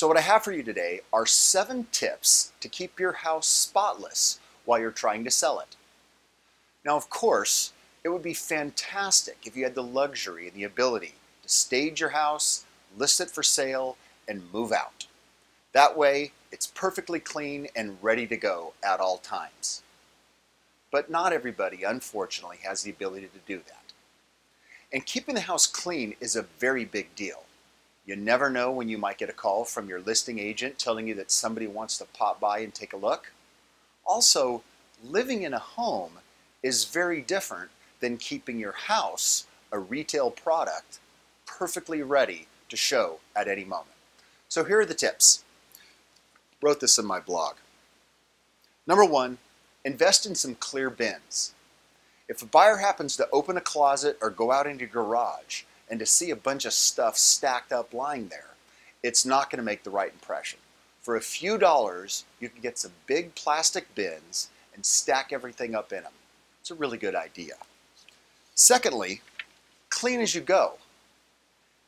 So what I have for you today are seven tips to keep your house spotless while you're trying to sell it. Now, of course, it would be fantastic if you had the luxury and the ability to stage your house, list it for sale, and move out. That way, it's perfectly clean and ready to go at all times. But not everybody, unfortunately, has the ability to do that. And keeping the house clean is a very big deal. You never know when you might get a call from your listing agent telling you that somebody wants to pop by and take a look. Also, living in a home is very different than keeping your house, a retail product, perfectly ready to show at any moment. So here are the tips. Wrote this in my blog. Number one, invest in some clear bins. If a buyer happens to open a closet or go out into your garage, and to see a bunch of stuff stacked up lying there, it's not going to make the right impression. For a few dollars, you can get some big plastic bins and stack everything up in them. It's a really good idea. Secondly, clean as you go.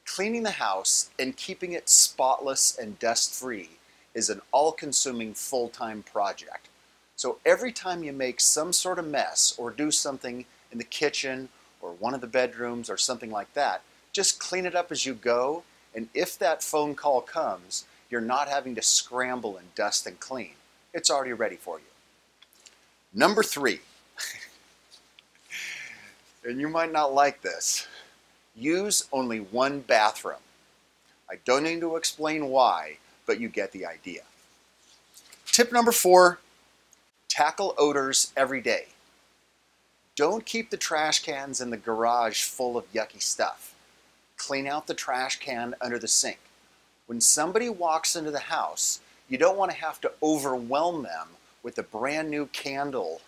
Cleaning the house and keeping it spotless and dust free is an all consuming full time project. So every time you make some sort of mess or do something in the kitchen or one of the bedrooms or something like that. Just clean it up as you go, and if that phone call comes, you're not having to scramble and dust and clean. It's already ready for you. Number three, and you might not like this, use only one bathroom. I don't need to explain why, but you get the idea. Tip number four, tackle odors every day. Don't keep the trash cans in the garage full of yucky stuff. Clean out the trash can under the sink. When somebody walks into the house, you don't want to have to overwhelm them with a brand new candle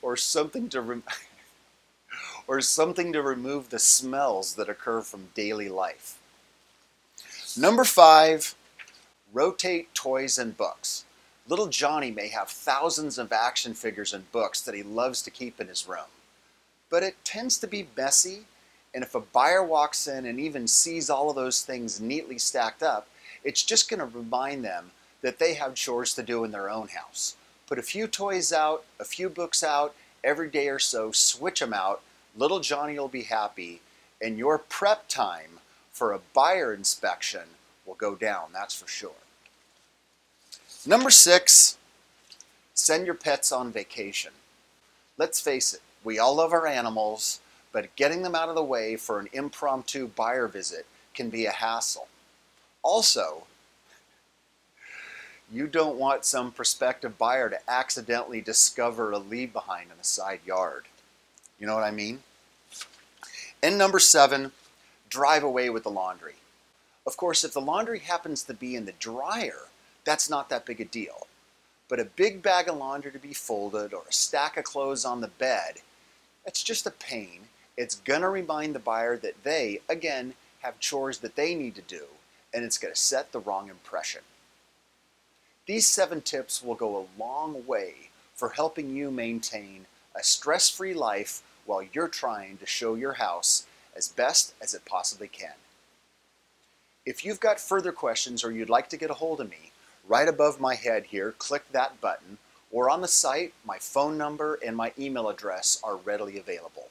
or something to or something to remove the smells that occur from daily life. Number 5, rotate toys and books. Little Johnny may have thousands of action figures and books that he loves to keep in his room, but it tends to be messy, and if a buyer walks in and even sees all of those things neatly stacked up, it's just going to remind them that they have chores to do in their own house. Put a few toys out, a few books out, every day or so, switch them out. Little Johnny will be happy, and your prep time for a buyer inspection will go down, that's for sure. Number six, send your pets on vacation. Let's face it, we all love our animals, but getting them out of the way for an impromptu buyer visit can be a hassle. Also, you don't want some prospective buyer to accidentally discover a leave behind in the side yard. You know what I mean? And number seven, drive away with the laundry. Of course, if the laundry happens to be in the dryer, that's not that big a deal. But a big bag of laundry to be folded or a stack of clothes on the bed, it's just a pain. It's going to remind the buyer that they, again, have chores that they need to do, and it's going to set the wrong impression. These seven tips will go a long way for helping you maintain a stress free life while you're trying to show your house as best as it possibly can. If you've got further questions or you'd like to get a hold of me, right above my head here, click that button, or on the site, my phone number and my email address are readily available.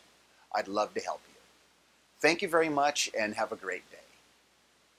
I'd love to help you. Thank you very much and have a great day.